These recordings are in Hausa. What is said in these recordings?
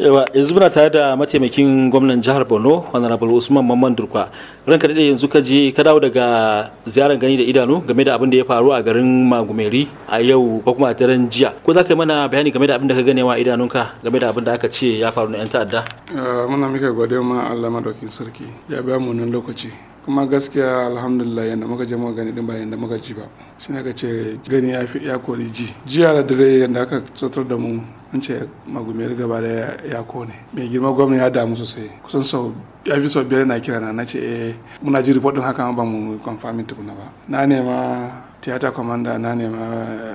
yawa yanzu muna tare da mataimakin gwamnan jihar borno honorable usman mamman durkwa ranka daɗe yanzu ka je ka dawo daga ziyarar gani da idanu game da abin da ya faru a garin magumeri a yau ko kuma a daren jiya ko za ka yi mana bayani game da abin da ka gane wa idanunka game da abin da aka ce ya faru na 'yan ta'adda eh, muna mika gode ma allah madaukin sarki ya biya mu nan lokaci kuma gaskiya alhamdulillah yadda muka je muka gani din ba yadda muka ji ba shi ne ka ce gani ya kori ji jiya da dare yadda aka tsotar da mu an ce magumiyar gaba da ya kone mai girma gwamna ya damu sosai kusan sau ya fi sau biyar na kira na ce eh muna ji report din haka ba mu confirming tukuna ba na nema theater commander na nema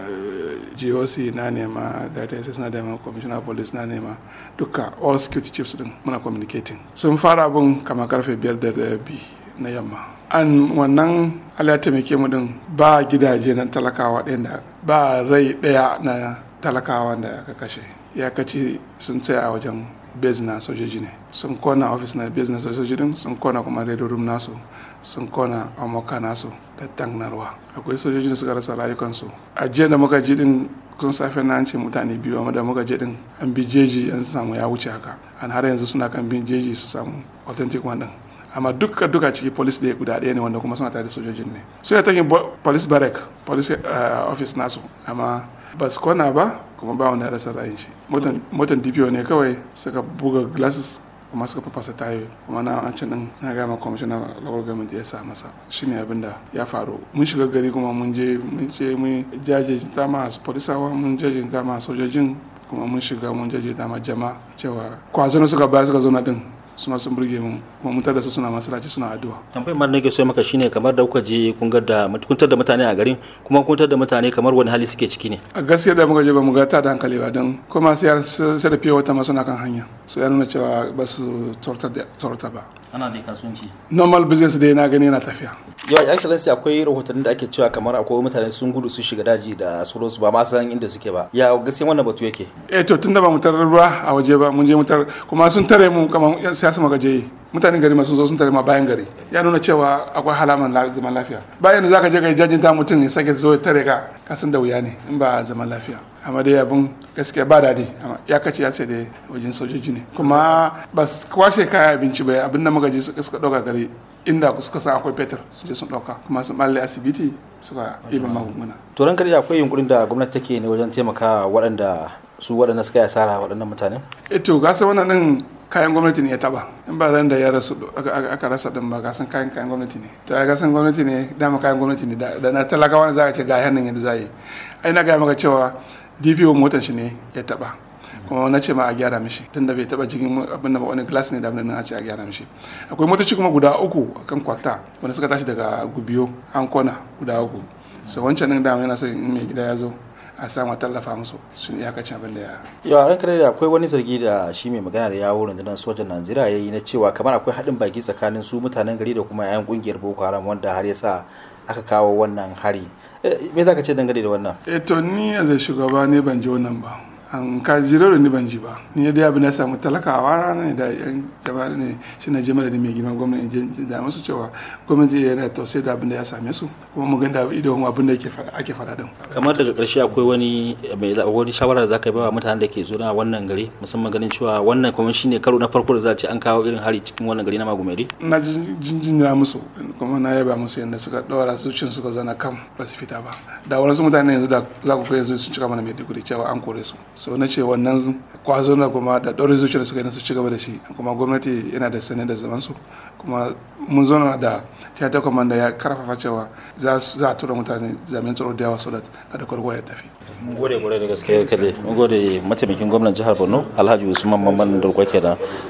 eh, GOC na nema data SS na nema commissioner police na nema duka all security chiefs din muna communicating sun fara abun kama karfe biyar da rabi na yamma an wannan ala taimake mu din ba gidaje na talakawa ɗaya ba rai ɗaya na talakawa da aka kashe iyakaci sun tsaya a wajen base na sojoji ne sun kona ofis na base na sojoji din sun kona kuma radio room nasu sun kona amoka nasu da tank na ruwa akwai sojoji da suka rasa rayukansu a jiya da muka ji din kusan safe na an ce mutane biyu amma da muka ji din an bi jeji an samu ya wuce haka an har yanzu suna kan bin jeji su samu authentic one din amma duka duka ciki police ɗaya guda ɗaya ne wanda kuma suna tare da sojojin ne so ya takin police barrack police eh, office nasu amma ba su kwana ba kuma ba wani rasa ra'ayin shi motan dpo ne kawai suka buga glasses kuma suka fafasa tayo kuma na an din na gama kwamishina local government ya sa masa shine abin da ya faru mun shiga gari kuma mun je mun je mun ta ma polisawa mun ta ma sojojin kuma mun shiga mun ta ma jama'a cewa kwazo suka ba suka zo na din suna sun burge mu kuma mun da su suna masallaci suna addu'a tambayar ma nake so maka shine kamar da kuka je kun ga da kuntar da mutane a garin kuma kuntar da mutane kamar wani hali suke ciki ne a gaskiya da muka je ba mu ga ta da hankali ba don kuma sai yaran sai da fiye wata ma suna kan hanya so ya nuna cewa ba su tsorta ba ana da kasuwanci normal business dai na gani yana tafiya yawa ya excellency akwai rahotanni da ake cewa kamar akwai mutane sun gudu sun shiga daji da sauransu ba ma san inda suke ba ya gaskiya wannan batu yake eh to tunda ba mu tarar ruwa a waje ba mun je mu tar kuma sun tare mu kamar yan siyasa magaje mutanen gari ma sun zo sun tare ma bayan gari ya nuna cewa akwai halaman zaman lafiya bayan da zaka je ga jajin ta mutum ya sake zo ya tare ka ka san da wuya ne in ba zaman lafiya amma dai abin gaskiya ba daɗi ya kace ya sai da wajen sojoji ne kuma ba kwashe kaya abinci ba abin da magaji suka ɗauka gari inda suka san akwai fetur su je sun dauka kuma sun balle asibiti suka iba magunguna to ran karshe akwai yunkurin da gwamnati take ne wajen taimaka waɗanda su waɗanda suka yi asara waɗannan mutane ito eh gasa wannan din kayan gwamnati ne ya taba in ba ran da ya rasu aka rasa din ba gasan kayan kayan gwamnati ne to ga gasan gwamnati ne dama kayan gwamnati ne da na talaka wani za a ce ga hannun yadda za yi ai na gaya maka cewa DPO motan shi ne ya taba kuma na ce ma a gyara mishi tun da bai taba jikin abin da ba wani glass ne da abin a ce a gyara mishi akwai motoci kuma guda uku kan kwalta wanda suka tashi daga gubiyo an kona guda uku so wancan nan dama yana son in mai gida ya zo a sama tallafa musu sun iyakacin abin da ya yi a ranar da akwai wani zargi da shi mai magana da yawo rundunar sojan najeriya ya yi na cewa kamar akwai haɗin baki tsakanin su mutanen gari da kuma 'ya'yan ƙungiyar boko haram wanda har ya sa aka kawo wannan hari eh, me za ka ce dangane da wannan eto eh, ni a zai shugaba ne ban ji wannan ba an ka jiro da ni ban ji ba ni ya dai na samu talaka a wara ne da yan jama'a ne shi na jama'a da mai girma gwamnati da musu cewa gwamnati yana tausayi da abin da ya same su kuma mu ganda idon abin da ake faɗa din kamar daga karshe akwai wani mai wani shawara da zaka yi ba mutanen da ke zuwa wannan gari musamman ganin cewa wannan kuma shine karo na farko da za a ce an kawo irin hari cikin wannan gari na magumeri na na musu kuma na yaba musu yadda suka ɗora cin suka zana kam ba su fita ba da wasu mutane yanzu da za ku kai yanzu sun cika mana maiduguri cewa an kore su so na ce wannan kwazo na kuma da ɗora zuciyar suka yi su ci gaba da shi kuma gwamnati yana da sani da zaman su kuma mun zauna da tiyata kwamanda ya karfafa cewa za a tura mutane zamen tsaro da yawa so da kada kwarwa ya tafi. mun gode gode da gaske kade mun gode mataimakin gwamnan jihar borno alhaji usman mamman da kenan